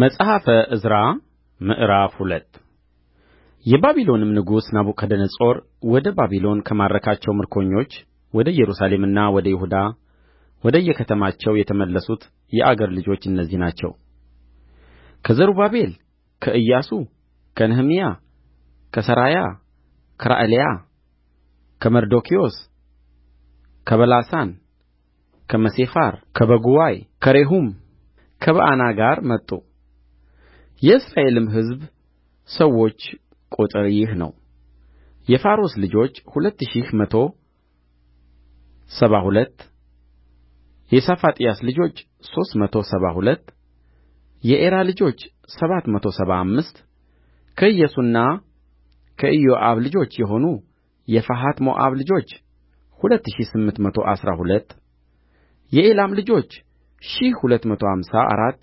መጽሐፈ ዕዝራ ምዕራፍ ሁለት የባቢሎንም ንጉሥ ናቡከደነፆር ወደ ባቢሎን ከማረካቸው ምርኮኞች ወደ ኢየሩሳሌምና ወደ ይሁዳ ወደየከተማቸው የተመለሱት የአገር ልጆች እነዚህ ናቸው ከዘሩባቤል ከኢያሱ ከነህምያ ከሠራያ ከረዕላያ ከመርዶክዮስ ከበላሳን ከመሴፋር ከበጉዋይ ከሬሁም ከበዓና ጋር መጡ የእስራኤልም ሕዝብ ሰዎች ቍጥር ይህ ነው የፋሮስ ልጆች ሁለት ሺህ መቶ ሰባ ሁለት የሰፋጥያስ ልጆች ሦስት መቶ ሰባ ሁለት የኤራ ልጆች ሰባት መቶ ሰባ አምስት ከኢያሱና ከኢዮአብ ልጆች የሆኑ የፈሐት ሞዓብ ልጆች ሁለት ሺህ ስምንት መቶ አሥራ ሁለት የኤላም ልጆች ሺህ ሁለት መቶ አምሳ አራት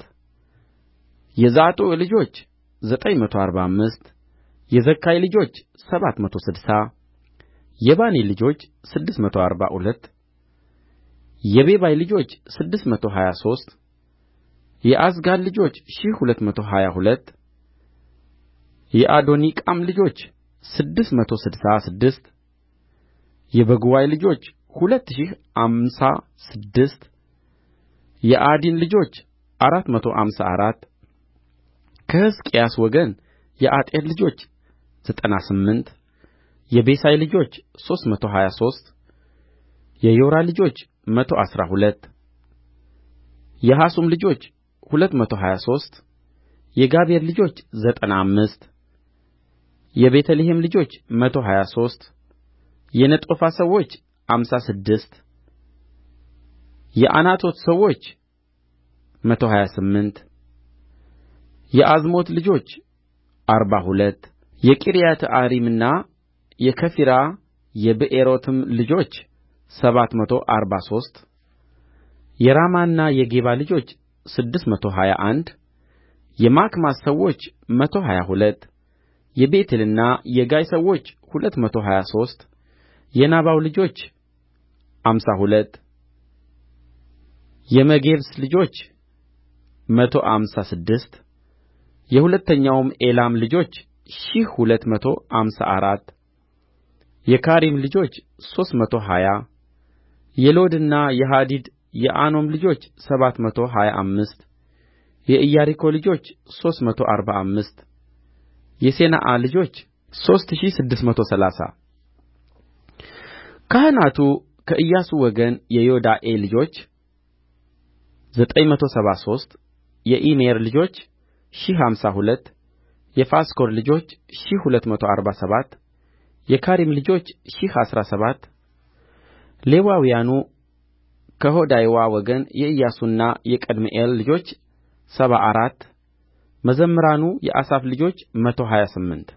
የዛቱዕ ልጆች ዘጠኝ መቶ አርባ አምስት የዘካይ ልጆች ሰባት መቶ ስድሳ የባኒ ልጆች ስድስት መቶ አርባ ሁለት የቤባይ ልጆች ስድስት መቶ ሀያ ሦስት የዓዝጋድ ልጆች ሺህ ሁለት መቶ ሀያ ሁለት የአዶኒቃም ልጆች ስድስት መቶ ስድሳ ስድስት የበጉዋይ ልጆች ሁለት ሺህ አምሳ ስድስት የዓዲን ልጆች አራት መቶ አምሳ አራት ከሕዝቅያስ ወገን የአጤር ልጆች ዘጠና ስምንት የቤሳይ ልጆች ሦስት መቶ ሀያ ሦስት የዮራ ልጆች መቶ አሥራ ሁለት የሐሱም ልጆች ሁለት መቶ ሀያ ሦስት የጋቤር ልጆች ዘጠና አምስት የቤተ ልሔም ልጆች መቶ ሀያ ሦስት የነጦፋ ሰዎች አምሳ ስድስት የዓናቶት ሰዎች መቶ ሀያ ስምንት የዓዝሞት ልጆች አርባ ሁለት የቂርያትይዓሪምና የከፊራ የብኤሮትም ልጆች ሰባት መቶ አርባ ሦስት የራማና የጌባ ልጆች ስድስት መቶ ሀያ አንድ የማክማስ ሰዎች መቶ ሀያ ሁለት የቤቴልና የጋይ ሰዎች ሁለት መቶ ሀያ ሦስት የናባው ልጆች አምሳ ሁለት የመጌብስ ልጆች መቶ አምሳ ስድስት የሁለተኛውም ኤላም ልጆች ሺህ ሁለት መቶ አምሳ አራት የካሪም ልጆች ሦስት መቶ ሀያ የሎድና የሐዲድ የኦኖም ልጆች ሰባት መቶ ሀያ አምስት የኢያሪኮ ልጆች ሦስት መቶ አርባ አምስት የሴናዓ ልጆች ሦስት ሺህ ስድስት መቶ ሠላሳ ካህናቱ ከኢያሱ ወገን የዮዳኤ ልጆች ዘጠኝ መቶ ሰባ ሦስት የኢሜር ልጆች ሺህ አምሳ ሁለት የፋስኮር ልጆች ሺህ ሁለት መቶ አርባ ሰባት የካሪም ልጆች ሺህ አሥራ ሰባት ሌዋውያኑ ከሆዳይዋ ወገን የኢያሱና የቀድምኤል ልጆች ሰባ አራት መዘምራኑ የአሳፍ ልጆች መቶ ሀያ ስምንት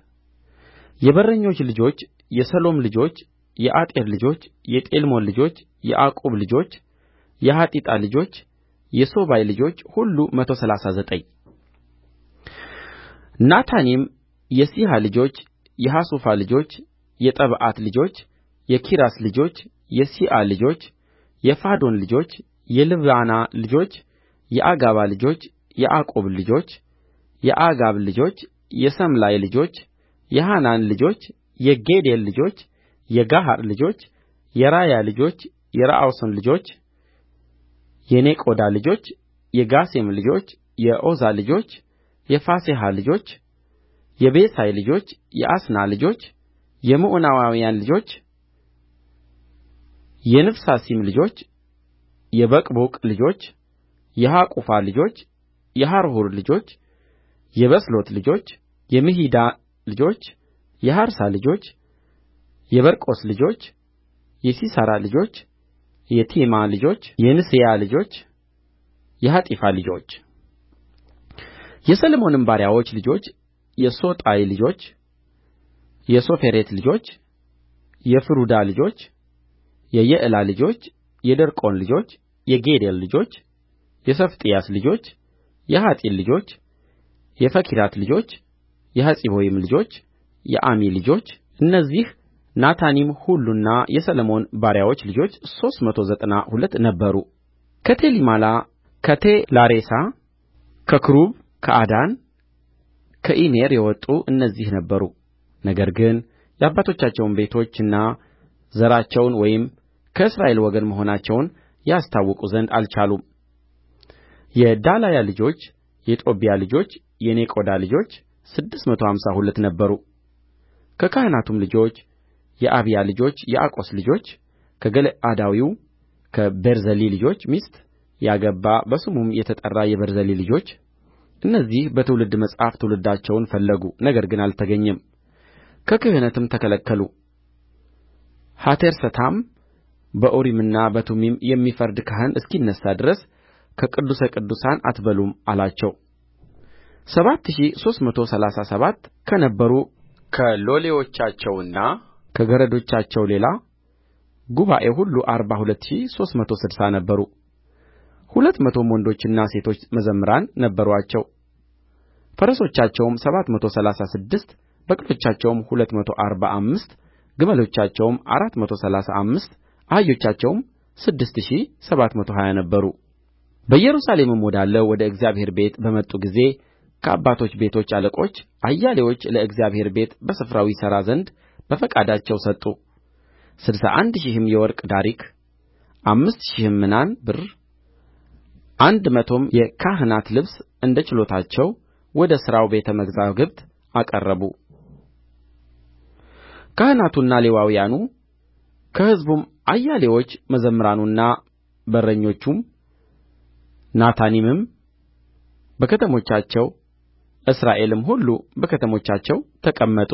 የበረኞች ልጆች የሰሎም ልጆች የአጤር ልጆች የጤልሞን ልጆች የዓቁብ ልጆች የሐጢጣ ልጆች የሶባይ ልጆች ሁሉ መቶ ሠላሳ ዘጠኝ ናታኒም የሲሐ ልጆች የሐሡፋ ልጆች የጠብዖት ልጆች የኬራስ ልጆች የሲዓ ልጆች የፋዶን ልጆች የልባና ልጆች የአጋባ ልጆች የዓቁብ ልጆች የአጋብ ልጆች የሰምላይ ልጆች የሐናን ልጆች የጌዴል ልጆች የጋሐር ልጆች የራያ ልጆች የረአሶን ልጆች የኔቆዳ ልጆች የጋሴም ልጆች የዖዛ ልጆች የፋሴሐ ልጆች የቤሳይ ልጆች የአስና ልጆች የምዑናውያን ልጆች የንፍሳሲም ልጆች የበቅቡቅ ልጆች የሐቁፋ ልጆች የሐርሑር ልጆች የበስሎት ልጆች የምሒዳ ልጆች የሐርሳ ልጆች የበርቆስ ልጆች የሲሣራ ልጆች የቴማ ልጆች የንስያ ልጆች የሐጢፋ ልጆች የሰሎሞንም ባሪያዎች ልጆች የሶጣይ ልጆች የሶፌሬት ልጆች የፍሩዳ ልጆች የየዕላ ልጆች የደርቆን ልጆች የጌዴል ልጆች የሰፋጥያስ ልጆች የሐጢል ልጆች የፈክራት ልጆች የሐፂቦይም ልጆች የአሚ ልጆች እነዚህ ናታኒም ሁሉና የሰሎሞን ባሪያዎች ልጆች ሦስት መቶ ዘጠና ሁለት ነበሩ ከቴልሜላ ከቴላሬሳ ከክሩብ ከአዳን ከኢሜር የወጡ እነዚህ ነበሩ ነገር ግን የአባቶቻቸውን ቤቶችና ዘራቸውን ወይም ከእስራኤል ወገን መሆናቸውን ያስታውቁ ዘንድ አልቻሉም የዳላያ ልጆች የጦብያ ልጆች የኔቆዳ ልጆች ስድስት መቶ አምሳ ሁለት ነበሩ ከካህናቱም ልጆች የአብያ ልጆች የአቆስ ልጆች ከገለዓዳዊው ከቤርዜሊ ልጆች ሚስት ያገባ በስሙም የተጠራ የቤርዜሊ ልጆች እነዚህ በትውልድ መጽሐፍ ትውልዳቸውን ፈለጉ ነገር ግን አልተገኘም ከክህነትም ተከለከሉ ሐቴርሰታም በኡሪምና በቱሚም የሚፈርድ ካህን እስኪነሣ ድረስ ከቅዱሰ ቅዱሳን አትበሉም አላቸው ሰባት ሺህ ሦስት መቶ ሠላሳ ሰባት ከነበሩ ከሎሌዎቻቸውና ከገረዶቻቸው ሌላ ጉባኤው ሁሉ አርባ ሁለት ሺህ ሦስት መቶ ስድሳ ነበሩ ሁለት መቶም ወንዶችና ሴቶች መዘምራን ነበሩአቸው ፈረሶቻቸውም ሰባት መቶ ሠላሳ ስድስት በቅሎቻቸውም ሁለት መቶ አርባ አምስት ግመሎቻቸውም አራት መቶ ሠላሳ አምስት አህዮቻቸውም ስድስት ሺህ ሰባት መቶ ሀያ ነበሩ በኢየሩሳሌምም ወዳለው ወደ እግዚአብሔር ቤት በመጡ ጊዜ ከአባቶች ቤቶች አለቆች አያሌዎች ለእግዚአብሔር ቤት በስፍራው ይሠራ ዘንድ በፈቃዳቸው ሰጡ ስድሳ አንድ ሺህም የወርቅ ዳሪክ አምስት ሺህም ምናን ብር አንድ መቶም የካህናት ልብስ እንደ ችሎታቸው ወደ ሥራው ቤተ መዛግብት አቀረቡ። ካህናቱና ሌዋውያኑ ከሕዝቡም አያሌዎች መዘምራኑና በረኞቹም ናታኒምም በከተሞቻቸው እስራኤልም ሁሉ በከተሞቻቸው ተቀመጡ